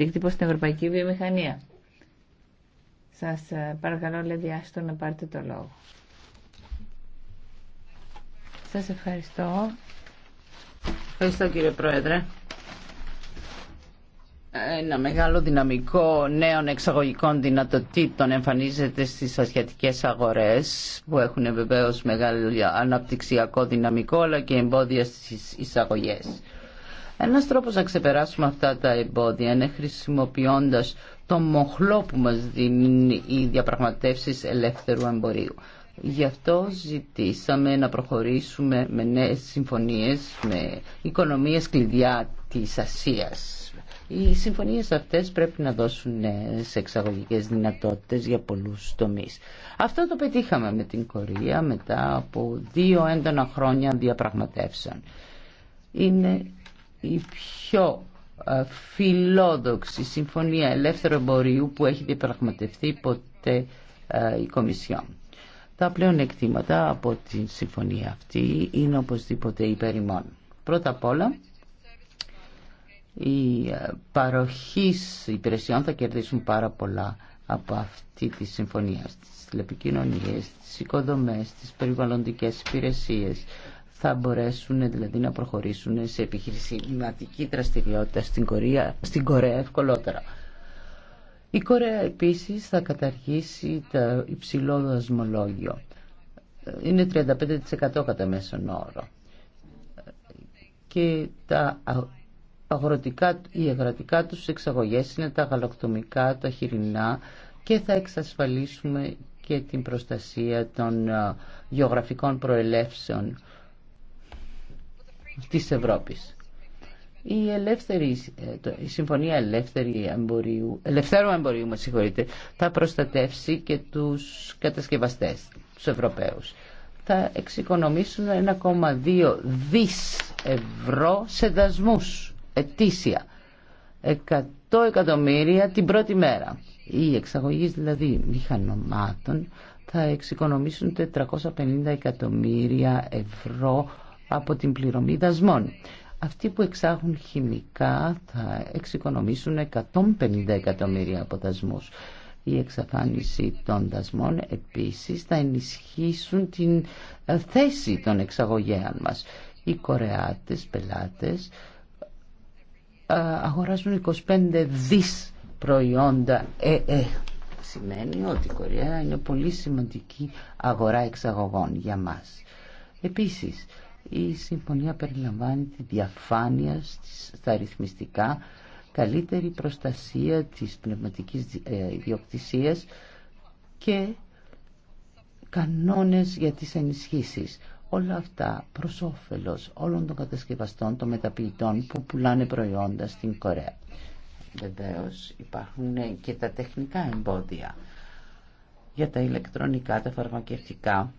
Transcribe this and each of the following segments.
αντίκτυπο στην ευρωπαϊκή βιομηχανία. Σας ε, παρακαλώ, Λέδη Άστο, να πάρετε το λόγο. Σας ευχαριστώ. Ευχαριστώ, κύριε Πρόεδρε. Ένα μεγάλο δυναμικό νέων εξαγωγικών δυνατοτήτων εμφανίζεται στις ασιατικές αγορές που έχουν βεβαίως μεγάλο αναπτυξιακό δυναμικό αλλά και εμπόδια στις εισαγωγές. Ένας τρόπος να ξεπεράσουμε αυτά τα εμπόδια είναι χρησιμοποιώντας το μοχλό που μας δίνουν οι διαπραγματεύσεις ελεύθερου εμπορίου. Γι' αυτό ζητήσαμε να προχωρήσουμε με νέες συμφωνίες, με οικονομίες κλειδιά της Ασίας. Οι συμφωνίες αυτές πρέπει να δώσουν σε εξαγωγικές δυνατότητες για πολλούς τομείς. Αυτό το πετύχαμε με την Κορία μετά από δύο έντονα χρόνια διαπραγματεύσεων. Είναι η πιο ε, φιλόδοξη συμφωνία ελεύθερου εμπορίου που έχει διαπραγματευτεί ποτέ ε, η Κομισιόν. Τα πλέον εκτήματα από την συμφωνία αυτή είναι οπωσδήποτε υπερημών. Πρώτα απ' όλα, οι ε, παροχής υπηρεσιών θα κερδίσουν πάρα πολλά από αυτή τη συμφωνία στις τηλεπικοινωνίες, στις οικοδομές, στις περιβαλλοντικές υπηρεσίες, θα μπορέσουν δηλαδή να προχωρήσουν σε επιχειρηματική δραστηριότητα στην Κορέα, στην Κορέα ευκολότερα. Η Κορέα επίσης θα καταργήσει το υψηλό δασμολόγιο. Είναι 35% κατά μέσον όρο. Και τα αγροτικά, οι αγροτικά τους εξαγωγές είναι τα γαλοκτομικά, τα χοιρινά και θα εξασφαλίσουμε και την προστασία των γεωγραφικών προελεύσεων της Ευρώπης. Η, ελεύθερη, ε, η Συμφωνία ελεύθερη εμπορίου, Ελευθέρου Εμπορίου με θα προστατεύσει και τους κατασκευαστές, τους Ευρωπαίους. Θα εξοικονομήσουν 1,2 δις ευρώ σε δασμούς ετήσια. 100 εκατομμύρια την πρώτη μέρα. Οι εξαγωγείς δηλαδή μηχανωμάτων θα εξοικονομήσουν 450 εκατομμύρια ευρώ από την πληρωμή δασμών. Αυτοί που εξάγουν χημικά θα εξοικονομήσουν 150 εκατομμύρια από δασμούς. Η εξαφάνιση των δασμών επίσης θα ενισχύσουν την ε, θέση των εξαγωγέων μας. Οι Κορεάτες, πελάτες, ε, αγοράζουν 25 δις προϊόντα ΕΕ. Σημαίνει ότι η Κορέα είναι πολύ σημαντική αγορά εξαγωγών για μας. Επίσης, η συμφωνία περιλαμβάνει τη διαφάνεια στα αριθμιστικά, καλύτερη προστασία της πνευματικής ε, ιδιοκτησίας και κανόνες για τις ενισχύσεις. Όλα αυτά προς όφελος όλων των κατασκευαστών, των μεταποιητών που πουλάνε προϊόντα στην Κορέα. Βεβαίω υπάρχουν και τα τεχνικά εμπόδια για τα ηλεκτρονικά, τα φαρμακευτικά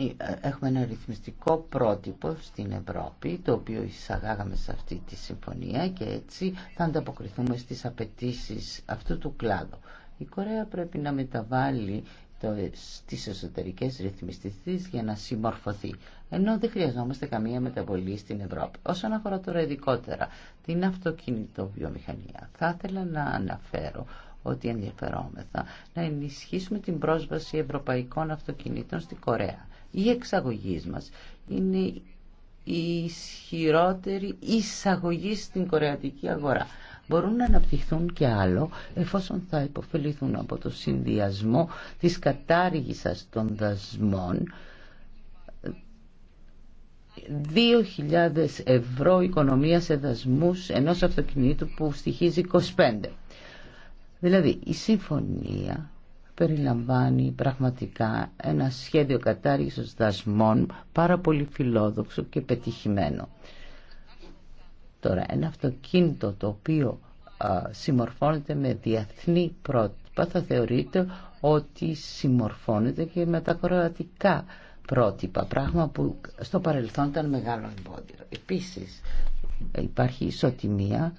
ε, έχουμε ένα ρυθμιστικό πρότυπο στην Ευρώπη το οποίο εισαγάγαμε σε αυτή τη συμφωνία και έτσι θα ανταποκριθούμε στις απαιτήσει αυτού του κλάδου. Η Κορέα πρέπει να μεταβάλει το, στις εσωτερικές ρυθμιστικές για να συμμορφωθεί ενώ δεν χρειαζόμαστε καμία μεταβολή στην Ευρώπη. Όσον αφορά τώρα ειδικότερα την αυτοκινητοβιομηχανία θα ήθελα να αναφέρω ότι ενδιαφερόμεθα να ενισχύσουμε την πρόσβαση ευρωπαϊκών αυτοκινήτων στην Κορέα οι εξαγωγής μας είναι η ισχυρότερη εισαγωγή στην κορεατική αγορά. Μπορούν να αναπτυχθούν και άλλο εφόσον θα υποφεληθούν από το συνδυασμό της κατάργησας των δασμών 2.000 ευρώ οικονομία σε δασμούς ενός αυτοκινήτου που στοιχίζει 25. Δηλαδή η συμφωνία περιλαμβάνει πραγματικά ένα σχέδιο κατάργησης δασμών πάρα πολύ φιλόδοξο και πετυχημένο. Τώρα, ένα αυτοκίνητο το οποίο συμμορφώνεται με διεθνή πρότυπα θα θεωρείται ότι συμμορφώνεται και με τα κροατικά πρότυπα, πράγμα που στο παρελθόν ήταν μεγάλο εμπόδιο. Επίσης, υπάρχει ισοτιμία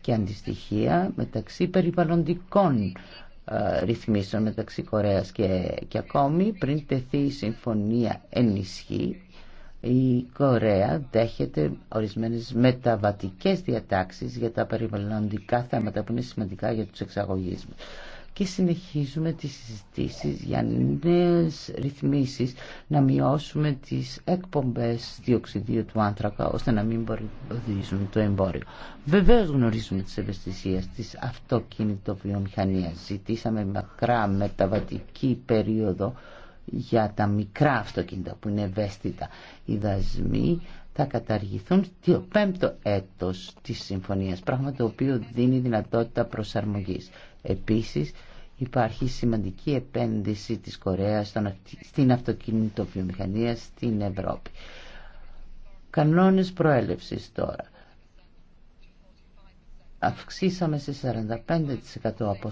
και αντιστοιχεία μεταξύ περιβαλλοντικών ε, ρυθμίσεων μεταξύ Κορέας και, και ακόμη πριν τεθεί η συμφωνία ενισχύ η Κορέα δέχεται ορισμένες μεταβατικές διατάξεις για τα περιβαλλοντικά θέματα που είναι σημαντικά για τους εξαγωγείς και συνεχίζουμε τις συζητήσεις για νέες ρυθμίσεις να μειώσουμε τις εκπομπές διοξιδίου του άνθρακα ώστε να μην μπορεί το εμπόριο. Βεβαίως γνωρίζουμε τις ευαισθησίες της βιομηχανίας. Ζητήσαμε μακρά μεταβατική περίοδο για τα μικρά αυτοκίνητα που είναι ευαίσθητα. Οι δασμοί θα καταργηθούν το πέμπτο έτος της συμφωνίας, πράγμα το οποίο δίνει δυνατότητα προσαρμογής. Επίσης υπάρχει σημαντική επένδυση της Κορέας στην αυτοκινητοβιομηχανία στην Ευρώπη. Κανόνες προέλευσης τώρα. Αυξήσαμε σε 45% από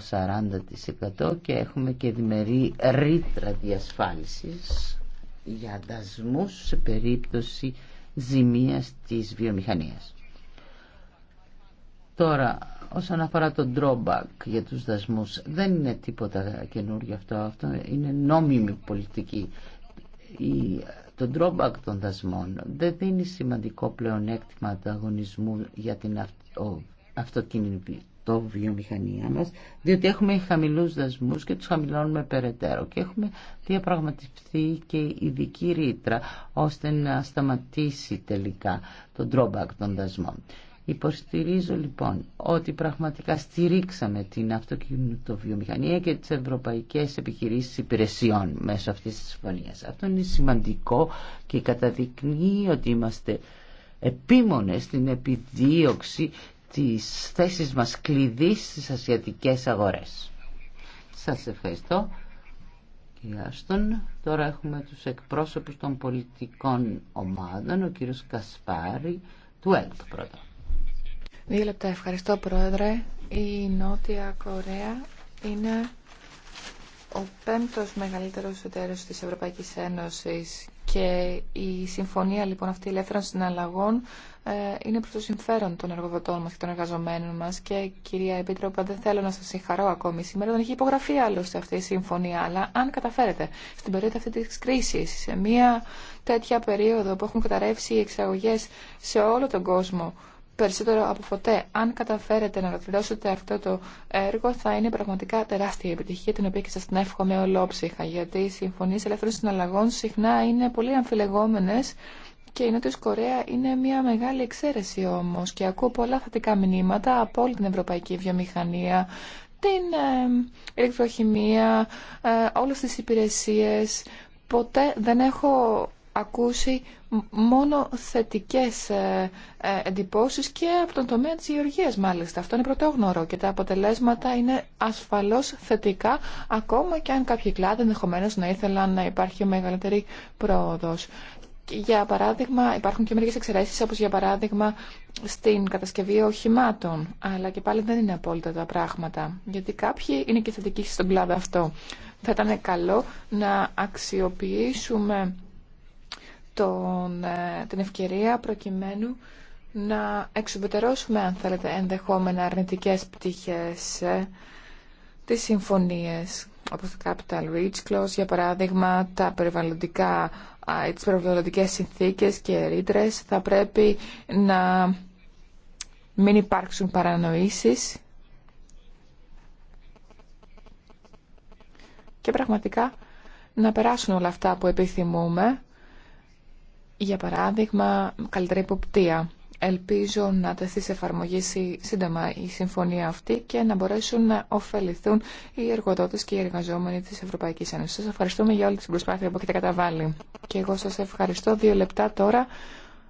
40% και έχουμε και διμερή ρήτρα διασφάλισης για δασμούς σε περίπτωση ζημίας της βιομηχανίας. Τώρα Όσον αφορά το drawback για τους δασμούς, δεν είναι τίποτα καινούργιο αυτό, αυτό είναι νόμιμη πολιτική. Η, το drawback των δασμών δεν δίνει σημαντικό πλεονέκτημα ανταγωνισμού για την αυτο, το βιομηχανία μας, διότι έχουμε χαμηλούς δασμούς και τους χαμηλώνουμε περαιτέρω και έχουμε διαπραγματευτεί και ειδική ρήτρα ώστε να σταματήσει τελικά το drawback των δασμών. Υποστηρίζω λοιπόν ότι πραγματικά στηρίξαμε την αυτοκινητοβιομηχανία και τις ευρωπαϊκές επιχειρήσεις υπηρεσιών μέσω αυτής της συμφωνίας. Αυτό είναι σημαντικό και καταδεικνύει ότι είμαστε επίμονες στην επιδίωξη της θέσης μας κλειδί στις ασιατικές αγορές. Σας ευχαριστώ. Άστον, τώρα έχουμε τους εκπρόσωπους των πολιτικών ομάδων, ο κύριος Κασπάρη του ΕΛΤ πρώτα. Δύο λεπτά. Ευχαριστώ, Πρόεδρε. Η Νότια Κορέα είναι ο πέμπτος μεγαλύτερος εταίρος της Ευρωπαϊκής Ένωσης και η συμφωνία λοιπόν αυτή ελεύθερων συναλλαγών ε, είναι προς το συμφέρον των εργοδοτών μας και των εργαζομένων μας και κυρία Επίτροπα δεν θέλω να σας συγχαρώ ακόμη σήμερα δεν έχει υπογραφεί άλλωστε αυτή η συμφωνία αλλά αν καταφέρετε στην περίοδο αυτή της κρίσης σε μια τέτοια περίοδο που έχουν καταρρεύσει οι εξαγωγές σε όλο τον κόσμο περισσότερο από ποτέ. Αν καταφέρετε να ολοκληρώσετε αυτό το έργο, θα είναι πραγματικά τεράστια επιτυχία, την οποία και σα την εύχομαι ολόψυχα. Γιατί οι συμφωνίε ελεύθερων συναλλαγών συχνά είναι πολύ αμφιλεγόμενε και η Νότιος Κορέα είναι μια μεγάλη εξαίρεση όμως και ακούω πολλά θετικά μηνύματα από όλη την ευρωπαϊκή βιομηχανία, την ε, ηλεκτροχημία, ε, όλε τι υπηρεσίε, Ποτέ δεν έχω ακούσει μόνο θετικές ε, ε, εντυπώσεις και από τον τομέα της γεωργίας μάλιστα. Αυτό είναι πρωτόγνωρο και τα αποτελέσματα είναι ασφαλώς θετικά ακόμα και αν κάποιοι κλάδοι ενδεχομένω να ήθελαν να υπάρχει μεγαλύτερη πρόοδος. Για παράδειγμα, υπάρχουν και μερικές εξαιρέσεις, όπως για παράδειγμα στην κατασκευή οχημάτων, αλλά και πάλι δεν είναι απόλυτα τα πράγματα, γιατί κάποιοι είναι και θετικοί στον κλάδο αυτό. Θα ήταν καλό να αξιοποιήσουμε τον, ε, την ευκαιρία προκειμένου να εξουπετερώσουμε αν θέλετε, ενδεχόμενα αρνητικές πτυχές ε, τις συμφωνίες όπως το Capital Reach Clause, για παράδειγμα, τα περιβαλλοντικά, τις περιβαλλοντικές συνθήκες και ρήτρε θα πρέπει να μην υπάρξουν παρανοήσεις και πραγματικά να περάσουν όλα αυτά που επιθυμούμε για παράδειγμα, καλύτερη υποπτία. Ελπίζω να τεθεί σε εφαρμογή σύντομα η συμφωνία αυτή και να μπορέσουν να ωφεληθούν οι εργοδότε και οι εργαζόμενοι της Ευρωπαϊκή Ένωση. Σα ευχαριστούμε για όλη την προσπάθεια που έχετε καταβάλει. Και εγώ σας ευχαριστώ. Δύο λεπτά τώρα.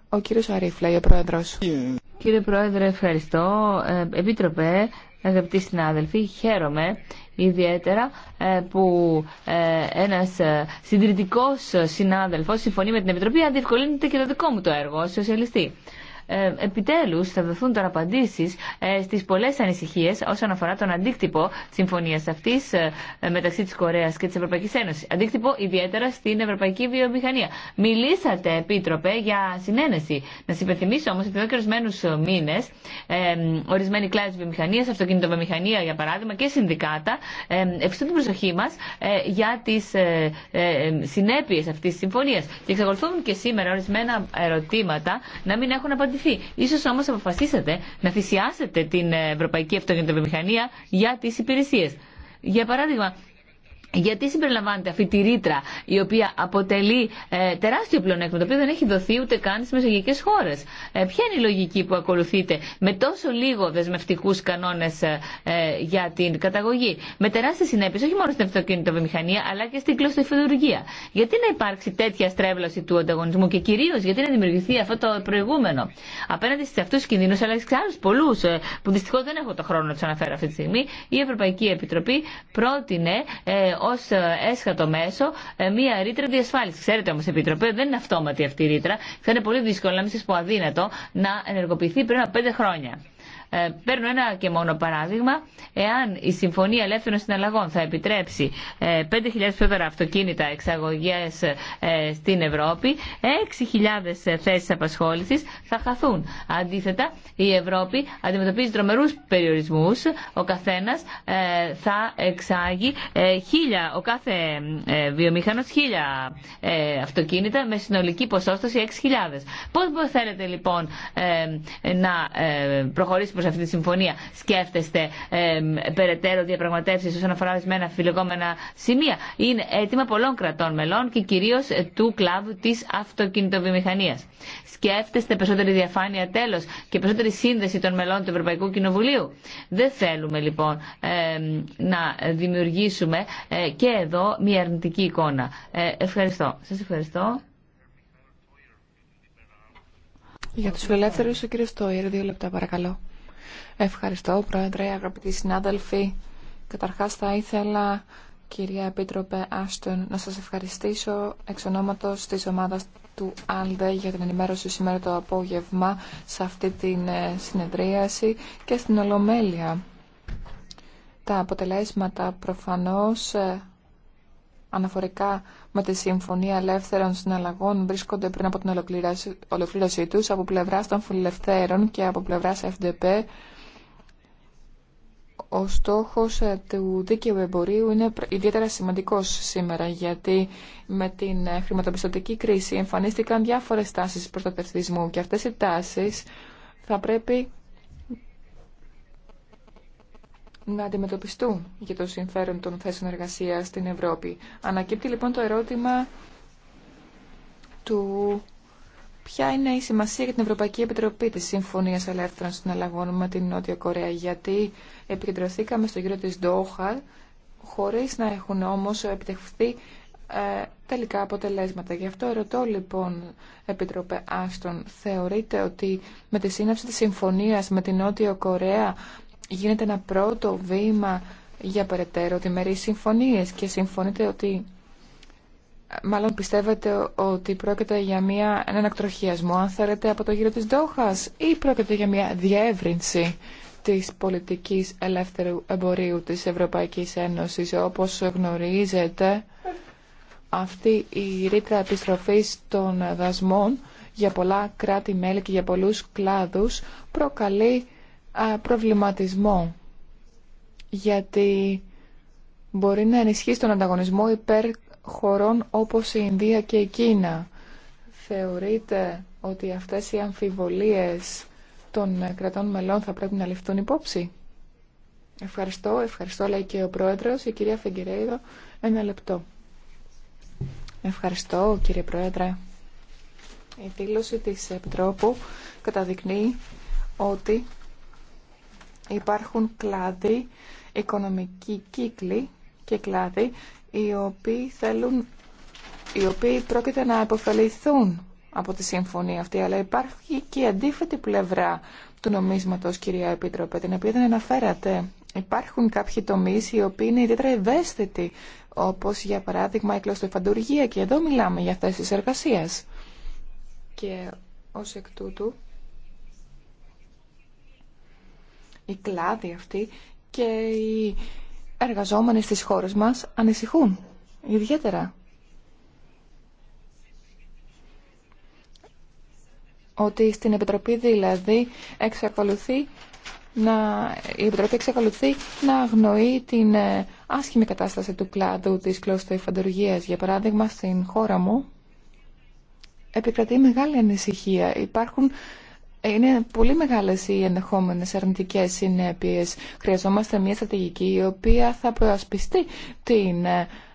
Ο κύριος Αρίφλα, ο πρόεδρο. Κύριε Πρόεδρε, ευχαριστώ. Ε, Επίτροπε, αγαπητοί συνάδελφοι, χαίρομαι ιδιαίτερα ε, που ε, ένας ε, συντηρητικός συνάδελφος συμφωνεί με την Επιτροπή αν διευκολύνεται και το δικό μου το έργο ως σοσιαλιστή. Ε, επιτέλους θα δοθούν τώρα απαντήσεις ε, στις πολλές ανησυχίες όσον αφορά τον αντίκτυπο της συμφωνίας αυτής ε, μεταξύ της Κορέας και της Ευρωπαϊκής Ένωσης. Αντίκτυπο ιδιαίτερα στην ευρωπαϊκή βιομηχανία. Μιλήσατε, Επίτροπε, για συνένεση. Να σας υπενθυμίσω όμως ότι εδώ και ορισμένους μήνες ορισμένοι κλάδοι βιομηχανίας, αυτοκινητοβιομηχανία για παράδειγμα και συνδικάτα ευχαριστούν την προσοχή μας για τις συνέπειες αυτής της συμφωνίας. Και εξακολουθούν και σήμερα ορισμένα ερωτήματα να μην έχουν απαντηθεί λυθεί. Ίσως όμως αποφασίσετε να θυσιάσετε την ευρωπαϊκή αυτοκινητοβιομηχανία για τις υπηρεσίες. Για παράδειγμα, γιατί συμπεριλαμβάνεται αυτή τη ρήτρα η οποία αποτελεί ε, τεράστιο πλεονέκτημα το οποίο δεν έχει δοθεί ούτε καν στι μεσογειακέ χώρε. Ε, ποια είναι η λογική που ακολουθείτε με τόσο λίγο δεσμευτικού κανόνε ε, ε, για την καταγωγή, με τεράστιε συνέπειε όχι μόνο στην βιομηχανία, αλλά και στην κλωστοφιδουργία. Γιατί να υπάρξει τέτοια στρέβλωση του ανταγωνισμού και κυρίω γιατί να δημιουργηθεί αυτό το προηγούμενο. Απέναντι σε αυτού του κινδύνου αλλά και σε άλλου πολλού που δυστυχώ δεν έχω το χρόνο να του αναφέρω αυτή τη στιγμή, η Ευρωπαϊκή Επιτροπή πρότεινε ω ε, έσχατο μέσο ε, μία ρήτρα διασφάλιση. Ξέρετε όμω, Επίτροπε, δεν είναι αυτόματη αυτή η ρήτρα. Θα είναι πολύ δύσκολο, να μην σα πω αδύνατο, να ενεργοποιηθεί πριν από πέντε χρόνια. Ε, παίρνω ένα και μόνο παράδειγμα. Εάν η Συμφωνία Ελεύθερων Συναλλαγών θα επιτρέψει 5.000 ε, πιο αυτοκίνητα εξαγωγέ ε, στην Ευρώπη, 6.000 θέσει απασχόληση θα χαθούν. Αντίθετα, η Ευρώπη αντιμετωπίζει τρομερού περιορισμού. Ο καθένα θα εξάγει χίλια, ο κάθε βιομηχανό χίλια αυτοκίνητα με συνολική ποσόστοση 6.000. Πώ θέλετε λοιπόν να προχωρήσουμε προ αυτή τη συμφωνία. Σκέφτεστε περαιτέρω διαπραγματεύσει όσον αφορά ορισμένα φιλεγόμενα σημεία. Είναι αίτημα πολλών κρατών μελών και κυρίω του κλάδου τη αυτοκινητοβιομηχανία. Σκέφτεστε περισσότερη διαφάνεια τέλο και περισσότερη σύνδεση των μελών του Ευρωπαϊκού Κοινοβουλίου. Δεν θέλουμε λοιπόν να δημιουργήσουμε ε, και εδώ μια αρνητική εικόνα. Ε, ευχαριστώ. Σα ευχαριστώ. Για τους φιλελεύθερους, ο κύριος Στοίρ, δύο λεπτά παρακαλώ. Ευχαριστώ, Πρόεδρε, αγαπητοί συνάδελφοι. Καταρχάς θα ήθελα, κυρία Επίτροπε Άστον, να σας ευχαριστήσω εξ ονόματος της ομάδας του ΑΛΔΕ για την ενημέρωση σήμερα το απόγευμα σε αυτή την ε, συνεδρίαση και στην Ολομέλεια. Τα αποτελέσματα προφανώς ε, αναφορικά με τη Συμφωνία Ελεύθερων Συναλλαγών βρίσκονται πριν από την ολοκλήρωση, τους από πλευρά των φιλελευθέρων και από πλευρά FDP. Ο στόχος ε, του δίκαιου εμπορίου είναι ιδιαίτερα σημαντικός σήμερα γιατί με την ε, χρηματοπιστωτική κρίση εμφανίστηκαν διάφορες τάσεις προστατευτισμού και αυτές οι τάσεις θα πρέπει να αντιμετωπιστούν για το συμφέρον των θέσεων εργασία στην Ευρώπη. Ανακύπτει λοιπόν το ερώτημα του ποια είναι η σημασία για την Ευρωπαϊκή Επιτροπή της Συμφωνίας Ελεύθερων Συναλλαγών με την Νότια Κορέα, γιατί επικεντρωθήκαμε στο γύρο της Ντόχα χωρίς να έχουν όμως επιτευχθεί ε, τελικά αποτελέσματα. Γι' αυτό ερωτώ, λοιπόν, Επιτροπέ Άστον, θεωρείτε ότι με τη σύναψη της συμφωνίας με την Νότια Κορέα γίνεται ένα πρώτο βήμα για περαιτέρω μερή συμφωνίε. και συμφωνείτε ότι μάλλον πιστεύετε ότι πρόκειται για μια, έναν εκτροχιασμό αν θέλετε από το γύρο της Δόχας ή πρόκειται για μια διεύρυνση της πολιτικής ελεύθερου εμπορίου της Ευρωπαϊκής Ένωσης όπως γνωρίζετε αυτή η ρήτρα επιστροφής των δασμών για πολλά κράτη-μέλη και για πολλούς κλάδους προκαλεί α προβληματισμό γιατί μπορεί να ενισχύσει τον ανταγωνισμό υπέρ χωρών όπως η Ινδία και η Κίνα. Θεωρείτε ότι αυτές οι αμφιβολίες των κρατών μελών θα πρέπει να ληφθούν υπόψη. Ευχαριστώ, ευχαριστώ λέει και ο Πρόεδρος, η κυρία Φεγγερέιδο, ένα λεπτό. Ευχαριστώ κύριε Πρόεδρε. Η δήλωση της Επιτρόπου καταδεικνύει ότι Υπάρχουν κλάδοι, οικονομικοί κύκλοι και κλάδοι, οι οποίοι, θέλουν, οι οποίοι πρόκειται να υποφεληθούν από τη συμφωνία αυτή, αλλά υπάρχει και η αντίθετη πλευρά του νομίσματος, κυρία Επίτροπε, την οποία δεν αναφέρατε. Υπάρχουν κάποιοι τομείς οι οποίοι είναι ιδιαίτερα ευαίσθητοι, όπως για παράδειγμα η κλωστοφαντουργία και εδώ μιλάμε για θέσεις εργασίας. Και ως εκ τούτου οι κλάδοι αυτοί και οι εργαζόμενοι στις χώρες μας ανησυχούν ιδιαίτερα. Ότι στην Επιτροπή δηλαδή εξακολουθεί να, η Επιτροπή εξακολουθεί να αγνοεί την ε, άσχημη κατάσταση του κλάδου της κλωστοϊφαντουργίας. Για παράδειγμα, στην χώρα μου επικρατεί μεγάλη ανησυχία. Υπάρχουν είναι πολύ μεγάλες οι ενδεχόμενες αρνητικές συνέπειες. Χρειαζόμαστε μια στρατηγική η οποία θα προασπιστεί την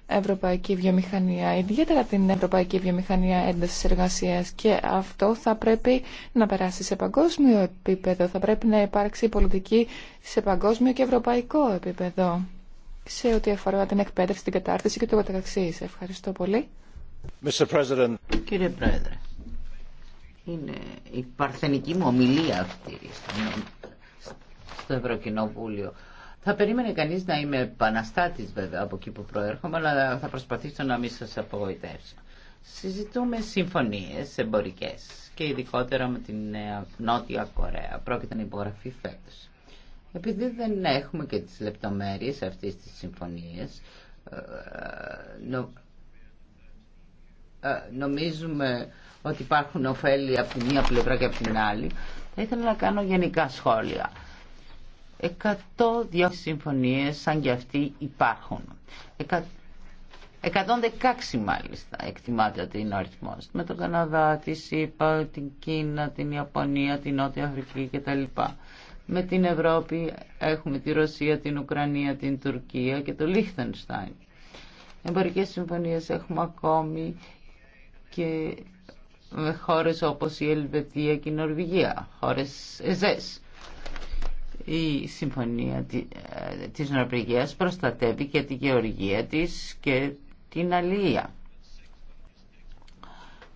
ευρωπαϊκή βιομηχανία, ιδιαίτερα την ευρωπαϊκή βιομηχανία ένταση εργασία. και αυτό θα πρέπει να περάσει σε παγκόσμιο επίπεδο, θα πρέπει να υπάρξει πολιτική σε παγκόσμιο και ευρωπαϊκό επίπεδο σε ό,τι αφορά την εκπαίδευση, την κατάρτιση και το καταξή. Ευχαριστώ πολύ. Κύριε Πρόεδρε, είναι η παρθενική μου ομιλία αυτή στο Ευρωκοινοβούλιο. Θα περίμενε κανείς να είμαι επαναστάτης βέβαια από εκεί που προέρχομαι, αλλά θα προσπαθήσω να μην σας απογοητεύσω. Συζητούμε συμφωνίες εμπορικές και ειδικότερα με την ε, Νότια Κορέα. Πρόκειται να υπογραφεί φέτος. Επειδή δεν έχουμε και τις λεπτομέρειες αυτής της συμφωνίας, ε, ε, νομίζουμε ότι υπάρχουν ωφέλη από τη μία πλευρά και από την άλλη, θα ήθελα να κάνω γενικά σχόλια. Εκατό δύο συμφωνίες σαν και αυτοί υπάρχουν. 116 μάλιστα εκτιμάται ότι είναι ο αριθμό. Με τον Καναδά, τη ΣΥΠΑ, την Κίνα, την Ιαπωνία, την Νότια Αφρική κτλ. Με την Ευρώπη έχουμε τη Ρωσία, την Ουκρανία, την Τουρκία και το Λίχτενστάιν. Εμπορικές συμφωνίες έχουμε ακόμη και με χώρες όπως η Ελβετία και η Νορβηγία, χώρες ΕΖΕΣ. Η Συμφωνία ε, της Νορβηγίας προστατεύει και τη γεωργία της και την αλληλεία.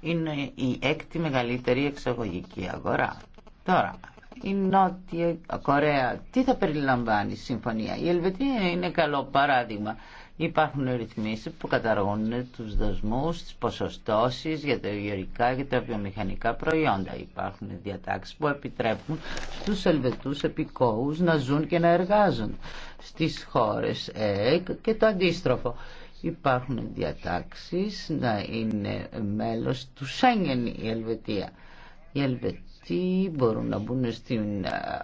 Είναι η έκτη μεγαλύτερη εξαγωγική αγορά. Τώρα, η Νότια Κορέα, τι θα περιλαμβάνει η συμφωνία. Η Ελβετία είναι καλό παράδειγμα. Υπάρχουν ρυθμίσεις που καταργούν τους δοσμούς, τις ποσοστώσεις για τα γεωρικά και τα βιομηχανικά προϊόντα. Υπάρχουν διατάξεις που επιτρέπουν στους Ελβετούς επικόους να ζουν και να εργάζουν στις χώρες ΕΕΚ και το αντίστροφο. Υπάρχουν διατάξεις να είναι μέλος του Σέγγεν η Ελβετία. Η Ελβετία μπορούν να μπουν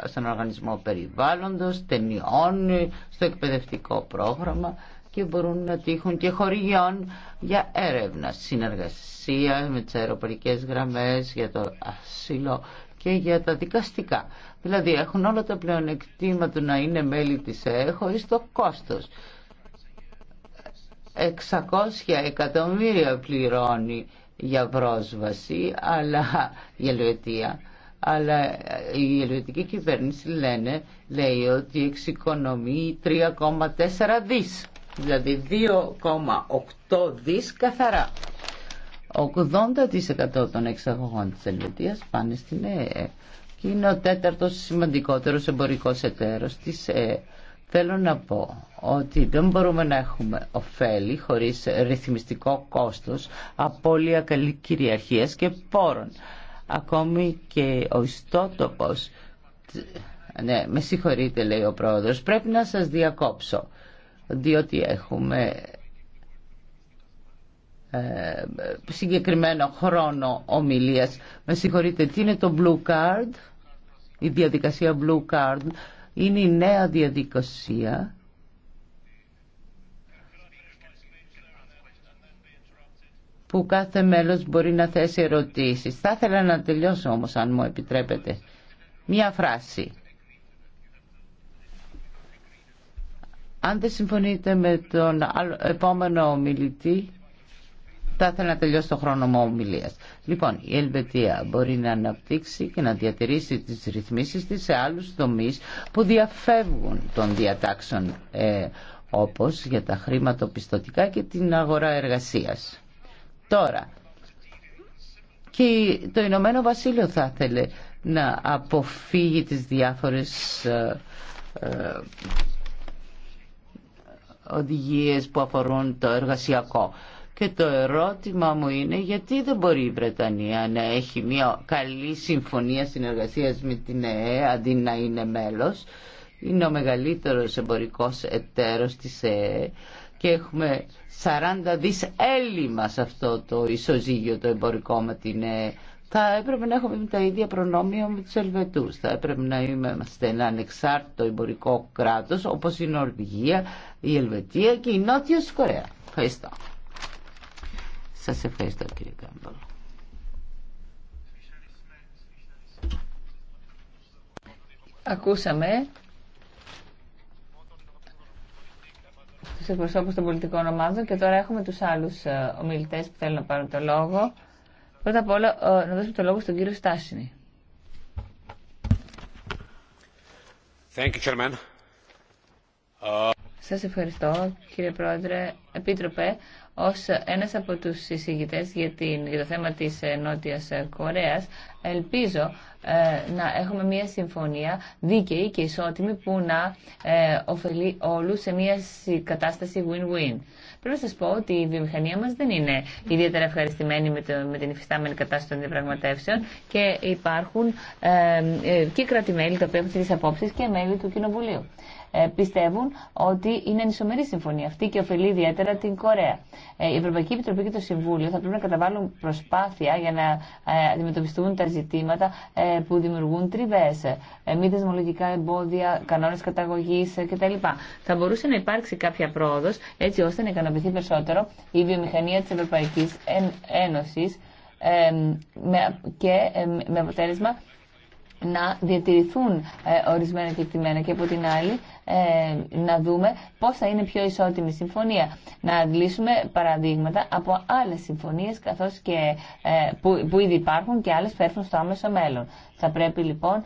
στον οργανισμό περιβάλλοντος, ταινιών, στο εκπαιδευτικό πρόγραμμα και μπορούν να τύχουν και χωριών για έρευνα, συνεργασία με τις αεροπορικέ γραμμές, για το ασύλο και για τα δικαστικά. Δηλαδή έχουν όλα τα πλεονεκτήματα να είναι μέλη της ΕΕ χωρίς το κόστος. 600 εκατομμύρια πληρώνει για πρόσβαση, αλλά η Ελβετία. Αλλά η ελβετική κυβέρνηση λένε, λέει ότι εξοικονομεί 3,4 δις δηλαδή 2,8 δις καθαρά. 80% των εξαγωγών της Ελβετίας πάνε στην ΕΕ και είναι ο τέταρτος σημαντικότερος εμπορικός εταίρος της ΕΕ. Θέλω να πω ότι δεν μπορούμε να έχουμε ωφέλη χωρίς ρυθμιστικό κόστος, απώλεια καλή κυριαρχίας και πόρων. Ακόμη και ο ιστότοπος... Ναι, με συγχωρείτε λέει ο πρόεδρος, πρέπει να σας διακόψω διότι έχουμε ε, συγκεκριμένο χρόνο ομιλίας. Με συγχωρείτε, τι είναι το Blue Card, η διαδικασία Blue Card. Είναι η νέα διαδικασία που κάθε μέλος μπορεί να θέσει ερωτήσεις. Θα ήθελα να τελειώσω όμως, αν μου επιτρέπετε. Μία φράση. Αν δεν συμφωνείτε με τον επόμενο ομιλητή, θα ήθελα να τελειώσω το χρόνο μου ομιλία. Λοιπόν, η Ελβετία μπορεί να αναπτύξει και να διατηρήσει τι ρυθμίσει τη σε άλλου τομεί που διαφεύγουν των διατάξεων, ε, όπω για τα χρηματοπιστωτικά και την αγορά εργασία. Τώρα, και το Ηνωμένο Βασίλειο θα ήθελε να αποφύγει τις διάφορες ε, ε, οδηγίες που αφορούν το εργασιακό. Και το ερώτημα μου είναι γιατί δεν μπορεί η Βρετανία να έχει μια καλή συμφωνία συνεργασίας με την ΕΕ αντί να είναι μέλος. Είναι ο μεγαλύτερος εμπορικός εταίρος της ΕΕ και έχουμε 40 δις έλλειμμα σε αυτό το ισοζύγιο το εμπορικό με την ΕΕ θα έπρεπε να έχουμε τα ίδια προνόμια με τους Ελβετούς. Θα έπρεπε να είμαστε ένα ανεξάρτητο εμπορικό κράτος όπως η Νορβηγία, η Ελβετία και η Νότια Κορέα. Ευχαριστώ. Σας ευχαριστώ κύριε Κάμπολ. Ακούσαμε τους εκπροσώπους των πολιτικών ομάδων και τώρα έχουμε τους άλλους ε, ομιλητές που θέλουν να πάρουν το λόγο. Πρώτα απ' όλα ε, να δώσουμε το λόγο στον κύριο Στάσινη. Thank ε, Σας ευχαριστώ κύριε Πρόεδρε. Επίτροπε, ως ένας από τους συζητητές για, το θέμα της ε, Νότιας Κορέας, ελπίζω να έχουμε μια συμφωνία δίκαιη και ισότιμη που να ε, ωφελεί όλους σε μια κατάσταση win-win. Πρέπει να σα πω ότι η βιομηχανία μα δεν είναι ιδιαίτερα ευχαριστημένη με, με την υφιστάμενη κατάσταση των διαπραγματεύσεων και υπάρχουν ε, ε και κράτη-μέλη τα οποία έχουν τι απόψει και μέλη του Κοινοβουλίου. Ε, πιστεύουν ότι είναι ενισομερή συμφωνία αυτή και ωφελεί ιδιαίτερα την Κορέα. Ε, η Ευρωπαϊκή Επιτροπή και το Συμβούλιο θα πρέπει να καταβάλουν προσπάθεια για να ε, αντιμετωπιστούν τα ζητήματα που δημιουργούν τριβέ, μη δεσμολογικά εμπόδια, κανόνε καταγωγή κτλ. Θα μπορούσε να υπάρξει κάποια πρόοδο έτσι ώστε να ικανοποιηθεί περισσότερο η βιομηχανία τη Ευρωπαϊκή Ένωση και με αποτέλεσμα να διατηρηθούν ε, ορισμένα κεκτημένα και από την άλλη ε, να δούμε πώς θα είναι πιο ισότιμη η συμφωνία. Να αντλήσουμε παραδείγματα από άλλες συμφωνίες καθώς και, ε, που, ήδη υπάρχουν και άλλες που έρθουν στο άμεσο μέλλον. Θα πρέπει λοιπόν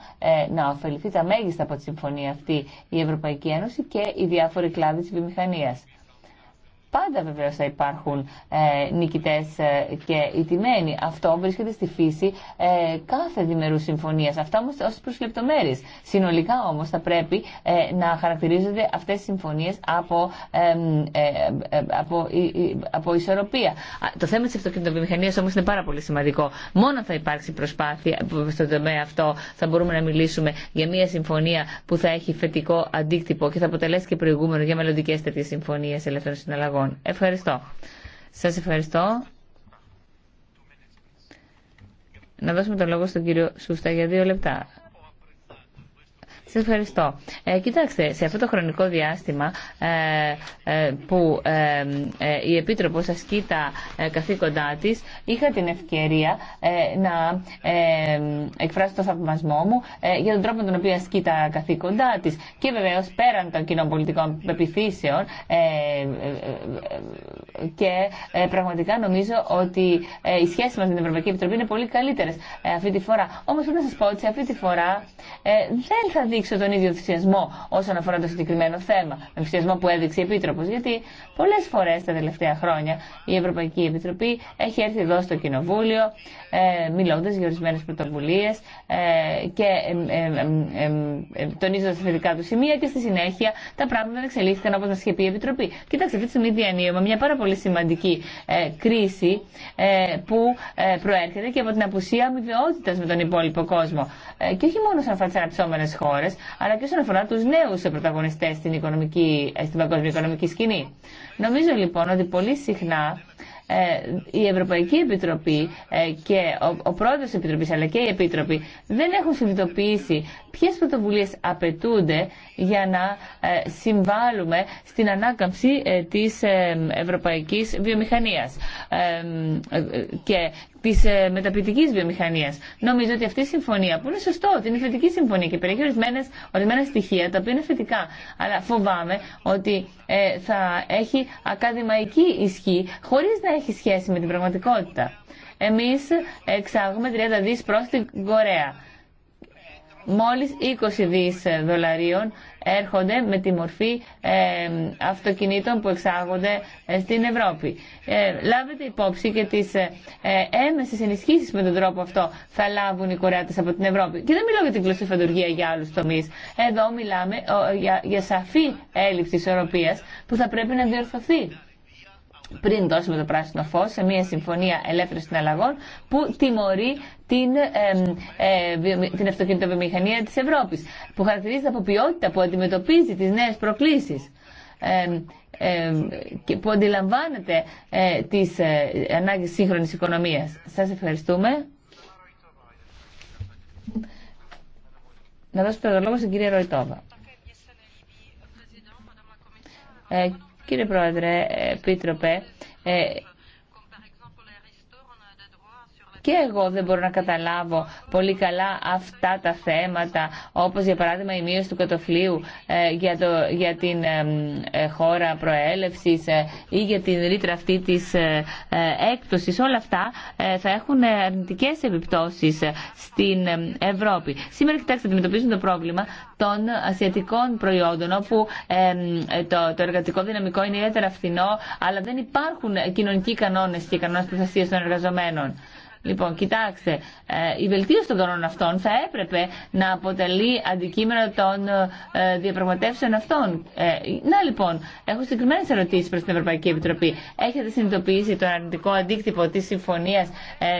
να ωφεληθεί τα μέγιστα από τη συμφωνία αυτή η Ευρωπαϊκή Ένωση και οι διάφοροι κλάδοι της βιομηχανίας. Πάντα βεβαίω θα υπάρχουν ε, νικητέ ε, και ιτημένοι. Αυτό βρίσκεται στη φύση ε, κάθε διμερού συμφωνία. Αυτά όμω ω προ λεπτομέρειε. Συνολικά όμω θα πρέπει ε, να χαρακτηρίζονται αυτέ οι συμφωνίε από, ε, από, από ισορροπία. Το θέμα τη αυτοκινητοβιομηχανία όμω είναι πάρα πολύ σημαντικό. Μόνο θα υπάρξει προσπάθεια στο τομέα αυτό θα μπορούμε να μιλήσουμε για μια συμφωνία που θα έχει φετικό αντίκτυπο και θα αποτελέσει και προηγούμενο για μελλοντικέ τέτοιε συμφωνίε ελεύθερων συναλλαγών. Λοιπόν. Ευχαριστώ. Σας ευχαριστώ. Να δώσουμε το λόγο στον κύριο Σούστα για δύο λεπτά. Σα ευχαριστώ. Ε, κοιτάξτε, σε αυτό το χρονικό διάστημα ε, ε που ε, ε, η Επίτροπος ασκεί τα ε, καθήκοντά τη, είχα την ευκαιρία να εκφράσω το θαυμασμό μου για τον τρόπο με τον οποίο ασκεί τα καθήκοντά της. Και βεβαίω πέραν των κοινών πολιτικών πεπιθήσεων και πραγματικά νομίζω ότι οι σχέση μας με την Ευρωπαϊκή Επιτροπή είναι πολύ καλύτερες αυτή τη φορά. Όμως πρέπει να σα πω ότι αυτή τη φορά δεν θα δει δείξω τον ίδιο ενθουσιασμό όσον αφορά το συγκεκριμένο θέμα, ενθουσιασμό που έδειξε η Επίτροπος, γιατί πολλές φορές τα τελευταία χρόνια η Ευρωπαϊκή Επιτροπή έχει έρθει εδώ στο Κοινοβούλιο ε, μιλώντας για ορισμένε πρωτοβουλίε ε, και ε, ε, ε, ε, τονίζοντας τα θετικά του σημεία και στη συνέχεια τα πράγματα εξελίχθηκαν όπως μα είχε πει η Επιτροπή. Κοιτάξτε, αυτή τη στιγμή διανύουμε μια πάρα πολύ σημαντική κρίση που προέρχεται και από την απουσία αμοιβαιότητα με τον υπόλοιπο κόσμο. και όχι μόνο σαν αφορά τι αναπτυσσόμενε χώρε, αλλά και όσον αφορά τους νέους πρωταγωνιστές στην, οικονομική, ε, στην παγκόσμια οικονομική σκηνή. Νομίζω λοιπόν ότι πολύ συχνά ε, η Ευρωπαϊκή Επιτροπή ε, και ο, ο πρόεδρο τη αλλά και οι Επίτροποι δεν έχουν συνειδητοποιήσει ποιες πρωτοβουλίε απαιτούνται για να συμβάλλουμε στην ανάκαμψη τη ευρωπαϊκή βιομηχανία. και τη ε, μεταπητική βιομηχανία. Νομίζω ότι αυτή η συμφωνία, που είναι σωστό, ότι είναι θετική συμφωνία και περιέχει ορισμένα στοιχεία τα οποία είναι θετικά, αλλά φοβάμαι ότι ε, θα έχει ακαδημαϊκή ισχύ χωρί να έχει σχέση με την πραγματικότητα. Εμεί εξάγουμε 30 δι προ την Κορέα μόλις 20 δις ε, δολαρίων έρχονται με τη μορφή ε, αυτοκινήτων που εξάγονται ε, στην Ευρώπη. Λάβετε υπόψη και τις έμεσες ενισχύσεις με τον τρόπο αυτό θα λάβουν οι Κορεάτες από την Ευρώπη. Και δεν μιλάω για την κλωστοφαντουργία για άλλους τομείς. Εδώ μιλάμε για σαφή έλλειψη ισορροπίας που θα πρέπει να διορθωθεί πριν δώσουμε το πράσινο φω σε μια συμφωνία ελεύθερης συναλλαγών που τιμωρεί την, ε, ε, την αυτοκινητοβιομηχανία της Ευρώπης που χαρακτηρίζεται από ποιότητα που αντιμετωπίζει τις νέες προκλήσεις και που αντιλαμβάνεται ε, τις ε, ανάγκες σύγχρονης οικονομίας. Σας ευχαριστούμε. Να δώσω το λόγο στην κυρία Ροϊτόβα. Ε, Κύριε Πρόεδρε, Επίτροπε, ε, και εγώ δεν μπορώ να καταλάβω πολύ καλά αυτά τα θέματα, όπως για παράδειγμα η μείωση του κατοφλίου ε, για, το, για την ε, ε χώρα προέλευσης ε, ή για την ρήτρα αυτή της έκπτωσης. Όλα αυτά θα έχουν αρνητικές επιπτώσεις στην Ευρώπη. Σήμερα, κοιτάξτε, αντιμετωπίζουν το πρόβλημα των ασιατικών προϊόντων, όπου το, το εργατικό δυναμικό είναι ιδιαίτερα φθηνό, αλλά δεν υπάρχουν κοινωνικοί κανόνες και κανόνες προστασία των εργαζομένων. Λοιπόν, κοιτάξτε, ε, η βελτίωση των κανόνων αυτών θα έπρεπε να αποτελεί αντικείμενο των ε, διαπραγματεύσεων αυτών. Ε, να λοιπόν, έχω συγκεκριμένε ερωτήσει προ την Ευρωπαϊκή Επιτροπή. Έχετε συνειδητοποιήσει τον αρνητικό αντίκτυπο τη συμφωνία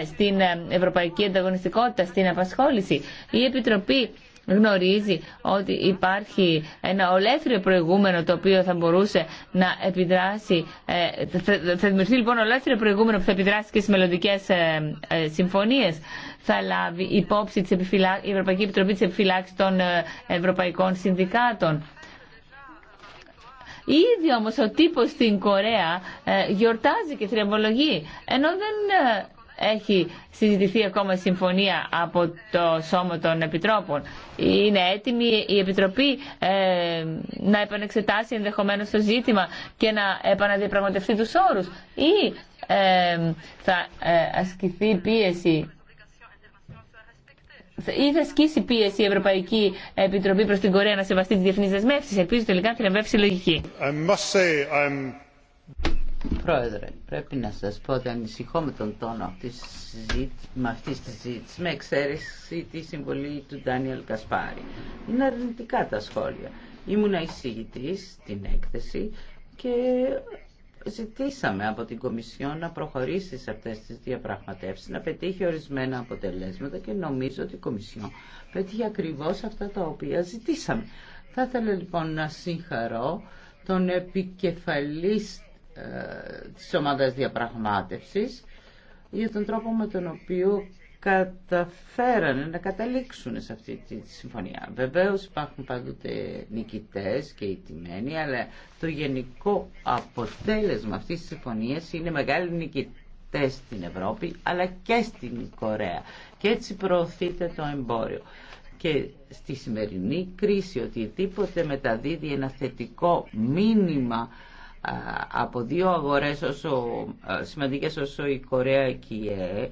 στην ευρωπαϊκή ανταγωνιστικότητα, στην απασχόληση. Η Επιτροπή γνωρίζει ότι υπάρχει ένα ολέθριο προηγούμενο το οποίο θα μπορούσε να επιδράσει, ε, θα δημιουργηθεί λοιπόν ολέθριο προηγούμενο που θα επιδράσει και στις μελλοντικέ ε, ε, συμφωνίες. Θα λάβει υπόψη της η Ευρωπαϊκή Επιτροπή της Επιφυλάξης των Ευρωπαϊκών Συνδικάτων. Ήδη όμως ο τύπος στην Κορέα γιορτάζει και θρεμολογεί, ενώ δεν έχει συζητηθεί ακόμα συμφωνία από το Σώμα των Επιτρόπων. Είναι έτοιμη η Επιτροπή ε, να επανεξετάσει ενδεχομένως το ζήτημα και να επαναδιαπραγματευτεί τους όρους ή ε, θα ε, ασκηθεί πίεση ή θα ασκήσει πίεση η Ευρωπαϊκή Επιτροπή προς την Κορέα να σεβαστεί τις διεθνείς δεσμεύσεις. Ελπίζω τελικά να θριαμβεύσει λογική. Πρόεδρε, πρέπει να σας πω ότι ανησυχώ με τον τόνο αυτής με αυτή της με εξαίρεση τη συμβολή του Ντάνιελ Κασπάρη. Είναι αρνητικά τα σχόλια. Ήμουνα εισηγητή στην έκθεση και ζητήσαμε από την Κομισιόν να προχωρήσει σε αυτές τις διαπραγματεύσεις, να πετύχει ορισμένα αποτελέσματα και νομίζω ότι η Κομισιόν πετύχει ακριβώς αυτά τα οποία ζητήσαμε. Θα ήθελα λοιπόν να συγχαρώ τον επικεφαλής ε, της ομάδας διαπραγμάτευσης για τον τρόπο με τον οποίο καταφέρανε να καταλήξουν σε αυτή τη συμφωνία. Βεβαίως υπάρχουν πάντοτε νικητές και ηττημένοι αλλά το γενικό αποτέλεσμα αυτής της συμφωνίας είναι μεγάλοι νικητές στην Ευρώπη, αλλά και στην Κορέα. Και έτσι προωθείται το εμπόριο. Και στη σημερινή κρίση οτιδήποτε μεταδίδει ένα θετικό μήνυμα από δύο αγορές όσο, σημαντικές όσο η Κορέα και η ΕΕ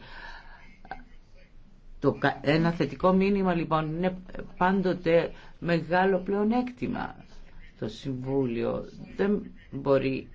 ένα θετικό μήνυμα λοιπόν είναι πάντοτε μεγάλο πλεονέκτημα. Το Συμβούλιο δεν μπορεί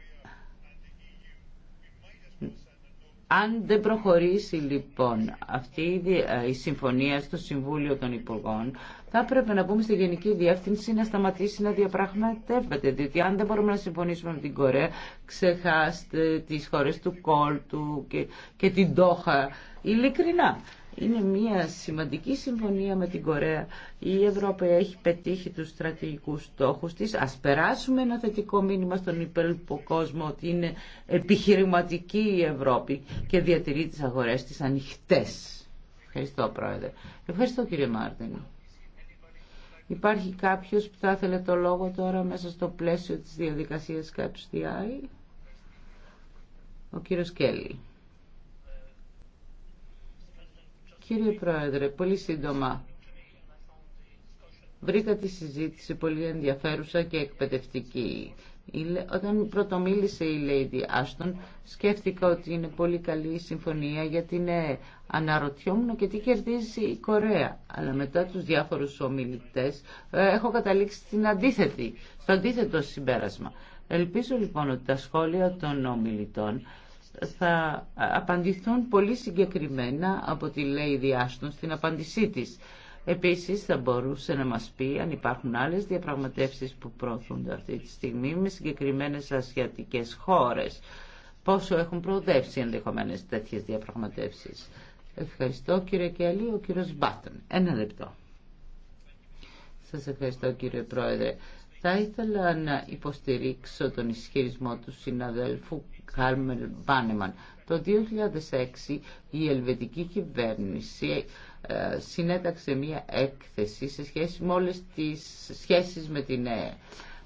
Αν δεν προχωρήσει λοιπόν αυτή ε, η συμφωνία στο Συμβούλιο των Υπουργών, θα έπρεπε να πούμε στη Γενική Διεύθυνση να σταματήσει να διαπραγματεύεται. Διότι αν δεν μπορούμε να συμφωνήσουμε με την Κορέα, ξεχάστε τις χώρες του Κόλτου και, και την Τόχα. Ειλικρινά είναι μια σημαντική συμφωνία με την Κορέα. Η Ευρώπη έχει πετύχει τους στρατηγικούς στόχους της. Ας περάσουμε ένα θετικό μήνυμα στον υπόλοιπο κόσμο ότι είναι επιχειρηματική η Ευρώπη και διατηρεί τις αγορές της ανοιχτές. Ευχαριστώ Πρόεδρε. Ευχαριστώ κύριε Μάρτιν. Υπάρχει κάποιος που θα ήθελε το λόγο τώρα μέσα στο πλαίσιο της διαδικασίας ΚΑΤΣΤΙΑΗ. Ο κύριος Κέλλη. Κύριε Πρόεδρε, πολύ σύντομα. Βρήκα τη συζήτηση πολύ ενδιαφέρουσα και εκπαιδευτική. Όταν πρωτομίλησε η Lady Άστον, σκέφτηκα ότι είναι πολύ καλή η συμφωνία γιατί είναι αναρωτιόμουν και τι κερδίζει η Κορέα. Αλλά μετά τους διάφορους ομιλητές ε, έχω καταλήξει στην αντίθετη, στο αντίθετο συμπέρασμα. Ελπίζω λοιπόν ότι τα σχόλια των ομιλητών θα απαντηθούν πολύ συγκεκριμένα από τη λέει Διάστον στην απάντησή της. Επίσης θα μπορούσε να μας πει αν υπάρχουν άλλες διαπραγματεύσεις που προωθούνται αυτή τη στιγμή με συγκεκριμένες ασιατικές χώρες. Πόσο έχουν προοδεύσει ενδεχομένες τέτοιες διαπραγματεύσεις. Ευχαριστώ κύριε Κέλλη, ο κύριος Μπάτον. Ένα λεπτό. Σας ευχαριστώ κύριε Πρόεδρε. Θα ήθελα να υποστηρίξω τον ισχυρισμό του συναδέλφου Κάρμερ Μπάνεμαν. Το 2006 η ελβετική κυβέρνηση ε, συνέταξε μία έκθεση σε σχέση με όλες τις σχέσεις με την ΕΕ.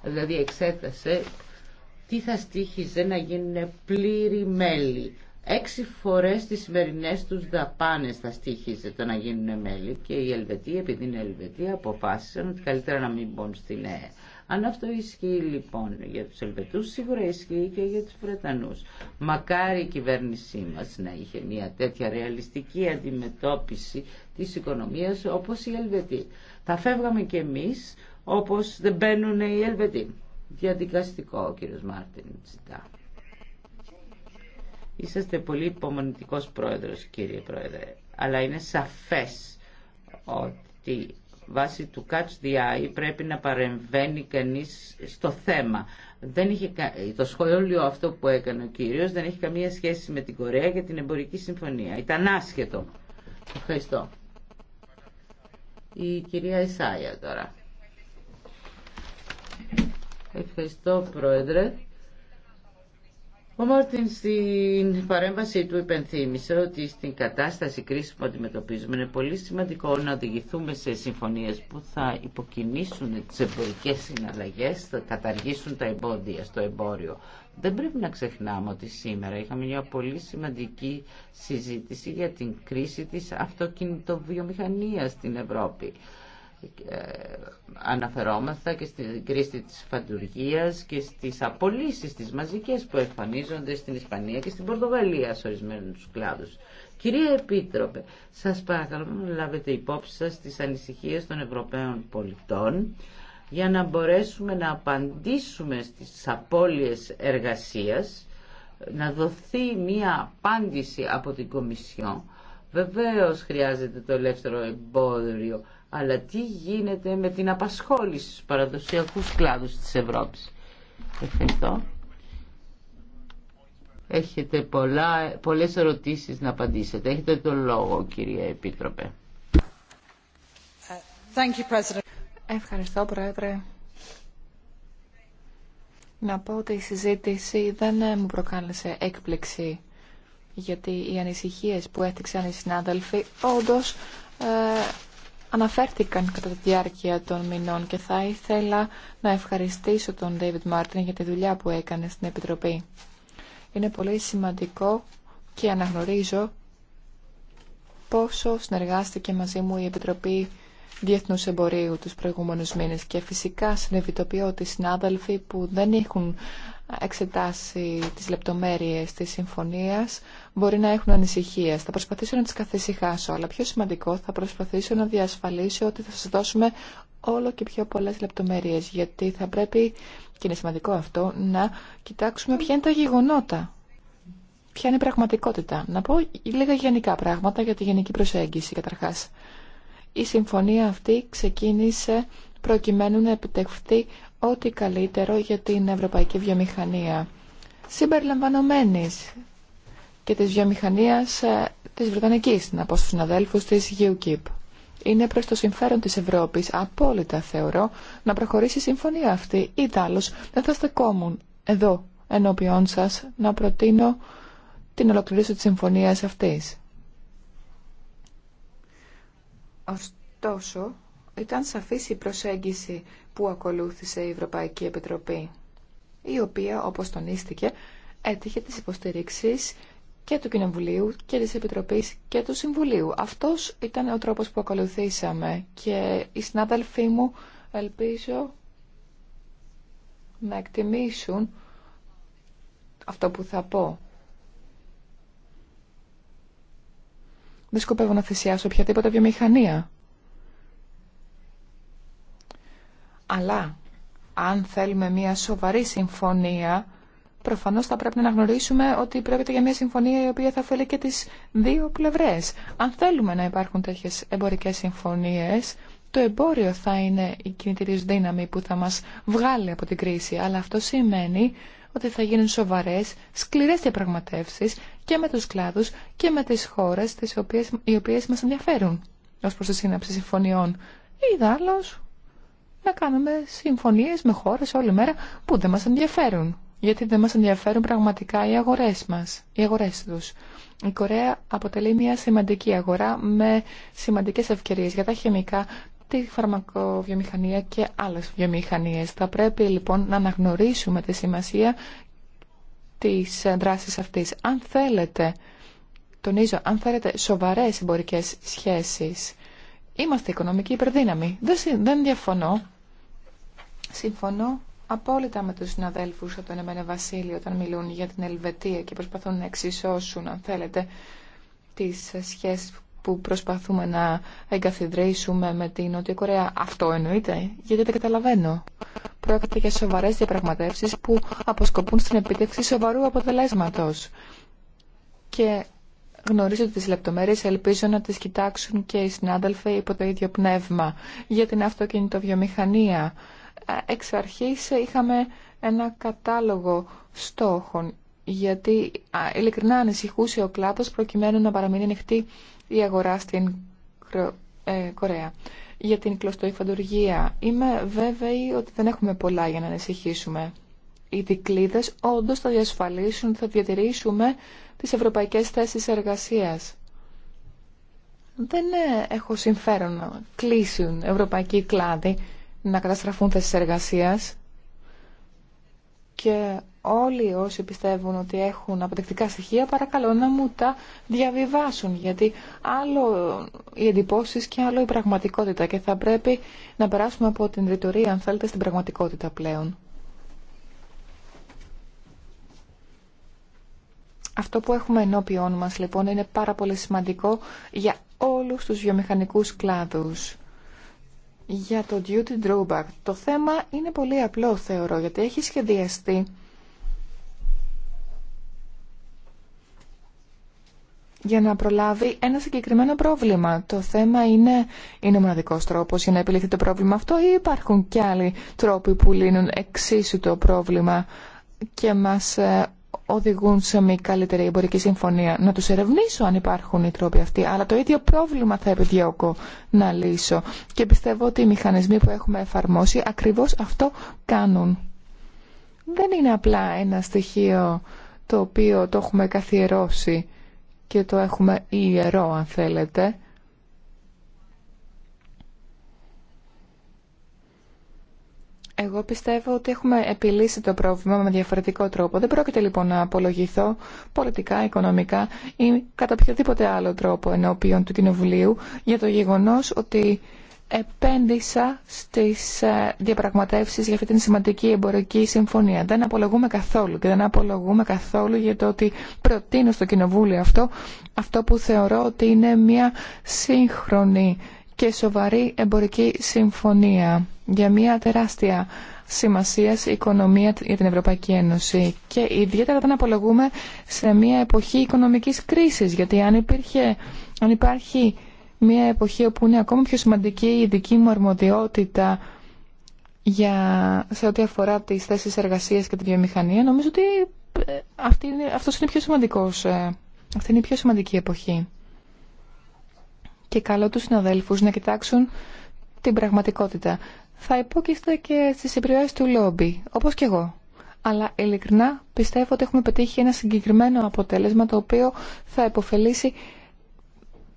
Δηλαδή εξέτασε τι θα στήχιζε να γίνουν πλήρη μέλη. Έξι φορές τις σημερινέ τους δαπάνες θα στήχιζε το να γίνουν μέλη και οι Ελβετία, επειδή είναι Ελβετοί, αποφάσισαν ότι καλύτερα να μην μπουν στην ΕΕ. Αν αυτό ισχύει λοιπόν για τους Ελβετούς, σίγουρα ισχύει και για τους Βρετανούς. Μακάρι η κυβέρνησή μας να είχε μια τέτοια ρεαλιστική αντιμετώπιση της οικονομίας όπως οι Ελβετοί. Θα φεύγαμε κι εμείς όπως δεν μπαίνουν οι Ελβετοί. Διαδικαστικό ο κύριος Μάρτιν ζητά. Είσαστε πολύ υπομονητικός πρόεδρος κύριε πρόεδρε, αλλά είναι σαφές ότι βάσει του Catch the Eye πρέπει να παρεμβαίνει κανείς στο θέμα. Δεν είχε, το σχόλιο αυτό που έκανε ο κύριος δεν έχει καμία σχέση με την Κορέα για την εμπορική συμφωνία. Ήταν άσχετο. Ευχαριστώ. Η κυρία Ισάια τώρα. Ευχαριστώ Πρόεδρε. Ο Μόρτιν στην παρέμβασή του υπενθύμησε ότι στην κατάσταση κρίση που αντιμετωπίζουμε είναι πολύ σημαντικό να οδηγηθούμε σε συμφωνίε που θα υποκινήσουν τι εμπορικέ συναλλαγέ, θα καταργήσουν τα εμπόδια στο εμπόριο. Δεν πρέπει να ξεχνάμε ότι σήμερα είχαμε μια πολύ σημαντική συζήτηση για την κρίση της αυτοκινητοβιομηχανίας στην Ευρώπη. Ε, αναφερόμαστε και στην κρίση της φαντουργίας και στις απολύσεις της μαζικές που εμφανίζονται στην Ισπανία και στην Πορτογαλία σε ορισμένους κλάδους. Κυρία Επίτροπε, σας παρακαλώ να λάβετε υπόψη σας τις ανησυχίες των Ευρωπαίων πολιτών για να μπορέσουμε να απαντήσουμε στις απώλειες εργασίας, να δοθεί μία απάντηση από την Κομισιόν. Βεβαίως χρειάζεται το ελεύθερο εμπόδιο αλλά τι γίνεται με την απασχόληση στους παραδοσιακούς κλάδους της Ευρώπης. Ευχαριστώ. Έχετε πολλά, πολλές ερωτήσεις να απαντήσετε. Έχετε το λόγο, κυρία Επίτροπε. Ευχαριστώ, Πρόεδρε. Να πω ότι η συζήτηση δεν ε, μου προκάλεσε έκπληξη, γιατί οι ανησυχίες που έθιξαν οι συνάδελφοι όντως ε, αναφέρθηκαν κατά τη διάρκεια των μηνών και θα ήθελα να ευχαριστήσω τον David Martin για τη δουλειά που έκανε στην Επιτροπή. Είναι πολύ σημαντικό και αναγνωρίζω πόσο συνεργάστηκε μαζί μου η Επιτροπή Διεθνούς Εμπορίου τους προηγούμενους μήνες και φυσικά συνειδητοποιώ ότι συνάδελφοι που δεν έχουν εξετάσει τις λεπτομέρειες της συμφωνίας μπορεί να έχουν ανησυχίες. Θα προσπαθήσω να τις καθησυχάσω, αλλά πιο σημαντικό θα προσπαθήσω να διασφαλίσω ότι θα σας δώσουμε όλο και πιο πολλές λεπτομέρειες, γιατί θα πρέπει, και είναι σημαντικό αυτό, να κοιτάξουμε ποια είναι τα γεγονότα. Ποια είναι η πραγματικότητα. Να πω λίγα γενικά πράγματα για τη γενική προσέγγιση καταρχάς. Η συμφωνία αυτή ξεκίνησε προκειμένου να επιτευχθεί ό,τι καλύτερο για την ευρωπαϊκή βιομηχανία συμπεριλαμβανομένης και της βιομηχανίας ε, της Βρετανικής, να πω στους συναδέλφους της UKIP. Είναι προς το συμφέρον της Ευρώπης, απόλυτα θεωρώ, να προχωρήσει η συμφωνία αυτή. Ή δεν θα στεκόμουν εδώ ενώπιόν σας να προτείνω την ολοκληρώση της συμφωνίας αυτής. Ωστόσο, ήταν σαφής η προσέγγιση που ακολούθησε η Ευρωπαϊκή Επιτροπή, η οποία, όπως τονίστηκε, έτυχε της υποστηρίξεις και του Κοινοβουλίου και της Επιτροπής και του Συμβουλίου. Αυτός ήταν ο τρόπος που ακολουθήσαμε και οι συνάδελφοί μου ελπίζω να εκτιμήσουν αυτό που θα πω. Δεν σκοπεύω να θυσιάσω οποιαδήποτε βιομηχανία. Αλλά αν θέλουμε μια σοβαρή συμφωνία, προφανώς θα πρέπει να γνωρίσουμε ότι πρόκειται για μια συμφωνία η οποία θα θέλει και τις δύο πλευρές. Αν θέλουμε να υπάρχουν τέτοιες εμπορικές συμφωνίες, το εμπόριο θα είναι η κινητήριος δύναμη που θα μας βγάλει από την κρίση. Αλλά αυτό σημαίνει ότι θα γίνουν σοβαρές, σκληρές διαπραγματεύσεις και με τους κλάδους και με τις χώρες τις οποίες, οι οποίες μας ενδιαφέρουν ως προς τη σύναψη συμφωνιών. Ή δάλλως, να κάνουμε συμφωνίες με χώρες όλη μέρα που δεν μας ενδιαφέρουν. Γιατί δεν μας ενδιαφέρουν πραγματικά οι αγορές μας, οι αγορές τους. Η Κορέα αποτελεί μια σημαντική αγορά με σημαντικές ευκαιρίες για τα χημικά, τη φαρμακοβιομηχανία και άλλες βιομηχανίες. Θα πρέπει λοιπόν να αναγνωρίσουμε τη σημασία της δράσης αυτής. Αν θέλετε, τονίζω, αν θέλετε σοβαρές εμπορικές σχέσεις Είμαστε οικονομική υπερδύναμη. Δεν, διαφωνώ. Συμφωνώ απόλυτα με τους συναδέλφους από τον Εμένε Βασίλειο όταν μιλούν για την Ελβετία και προσπαθούν να εξισώσουν, αν θέλετε, τις σχέσεις που προσπαθούμε να εγκαθιδρύσουμε με την Νότια Κορέα. Αυτό εννοείται, γιατί δεν καταλαβαίνω. Πρόκειται για σοβαρές διαπραγματεύσεις που αποσκοπούν στην επίτευξη σοβαρού αποτελέσματος. Και Γνωρίζω τις λεπτομέρειες, ελπίζω να τις κοιτάξουν και οι συνάδελφοι υπό το ίδιο πνεύμα. Για την αυτοκινητοβιομηχανία, ε, εξ αρχής είχαμε ένα κατάλογο στόχων, γιατί ειλικρινά ανησυχούσε ο κλάδος προκειμένου να παραμείνει ανοιχτή η αγορά στην ε, Κορέα. Για την κλωστοϊφαντουργία, είμαι βέβαιη ότι δεν έχουμε πολλά για να ανησυχήσουμε οι δικλείδες όντως θα διασφαλίσουν, θα διατηρήσουμε τις ευρωπαϊκές θέσεις εργασίας. Δεν ε, έχω συμφέρον να κλείσουν ευρωπαϊκοί κλάδοι να καταστραφούν θέσεις εργασίας και όλοι όσοι πιστεύουν ότι έχουν αποτεκτικά στοιχεία παρακαλώ να μου τα διαβιβάσουν γιατί άλλο οι εντυπώσεις και άλλο η πραγματικότητα και θα πρέπει να περάσουμε από την ρητορία αν θέλετε στην πραγματικότητα πλέον. Αυτό που έχουμε ενώπιόν μας λοιπόν είναι πάρα πολύ σημαντικό για όλους τους βιομηχανικούς κλάδους. Για το duty drawback το θέμα είναι πολύ απλό θεωρώ γιατί έχει σχεδιαστεί για να προλάβει ένα συγκεκριμένο πρόβλημα. Το θέμα είναι, είναι ο μοναδικός τρόπος για να επιληθεί το πρόβλημα αυτό ή υπάρχουν και άλλοι τρόποι που λύνουν εξίσου το πρόβλημα και μας ε, οδηγούν σε μια καλύτερη εμπορική συμφωνία. Να τους ερευνήσω αν υπάρχουν οι τρόποι αυτοί, αλλά το ίδιο πρόβλημα θα επιδιώκω να λύσω. Και πιστεύω ότι οι μηχανισμοί που έχουμε εφαρμόσει ακριβώς αυτό κάνουν. Δεν είναι απλά ένα στοιχείο το οποίο το έχουμε καθιερώσει και το έχουμε ιερό αν θέλετε. Εγώ πιστεύω ότι έχουμε επιλύσει το πρόβλημα με διαφορετικό τρόπο. Δεν πρόκειται λοιπόν να απολογηθώ πολιτικά, οικονομικά ή κατά οποιοδήποτε άλλο τρόπο ενώπιον του Κοινοβουλίου για το γεγονός ότι επένδυσα στις ε, διαπραγματεύσεις για αυτή την σημαντική εμπορική συμφωνία. Δεν απολογούμε καθόλου και δεν απολογούμε καθόλου για το ότι προτείνω στο Κοινοβούλιο αυτό, αυτό που θεωρώ ότι είναι μια σύγχρονη και σοβαρή εμπορική συμφωνία για μια τεράστια σημασία οικονομία για την Ευρωπαϊκή Ένωση και ιδιαίτερα όταν απολογούμε σε μια εποχή οικονομικής κρίσης γιατί αν, υπήρχε, υπάρχει μια εποχή όπου είναι ακόμα πιο σημαντική η δική μου αρμοδιότητα για, σε ό,τι αφορά τις θέσεις εργασίας και τη βιομηχανία νομίζω ότι ε, αυτή είναι, πιο σημαντικός ε, αυτή είναι η πιο σημαντική εποχή και καλώ τους συναδέλφους να κοιτάξουν την πραγματικότητα. Θα υπόκειστε και στις επιρροές του λόμπι, όπως και εγώ. Αλλά ειλικρινά πιστεύω ότι έχουμε πετύχει ένα συγκεκριμένο αποτέλεσμα το οποίο θα υποφελήσει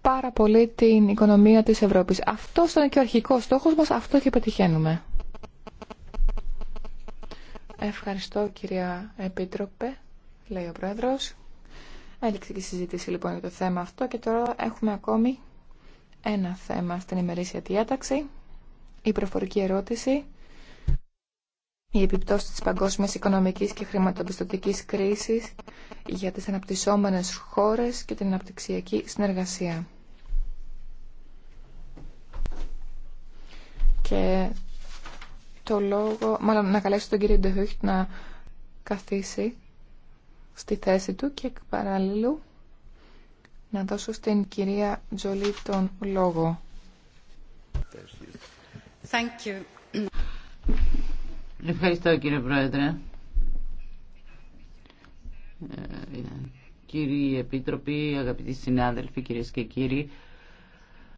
πάρα πολύ την οικονομία της Ευρώπης. Αυτό ήταν και ο αρχικός στόχος μας, αυτό και πετυχαίνουμε. Ευχαριστώ κυρία Επίτροπε, λέει ο Πρόεδρος. Έληξε και η συζήτηση λοιπόν για το θέμα αυτό και τώρα έχουμε ακόμη ένα θέμα στην ημερήσια διάταξη, η προφορική ερώτηση, η επιπτώση της παγκόσμιας οικονομικής και χρηματοπιστωτικής κρίσης για τις αναπτυσσόμενες χώρες και την αναπτυξιακή συνεργασία. Και το λόγο, μάλλον να καλέσω τον κύριο Ντεχούχτ να καθίσει στη θέση του και παραλληλού να δώσω στην κυρία Τζολί τον λόγο. Thank you. Ευχαριστώ κύριε Πρόεδρε. Ε, κύριοι Επίτροποι, αγαπητοί συνάδελφοι, κυρίες και κύριοι,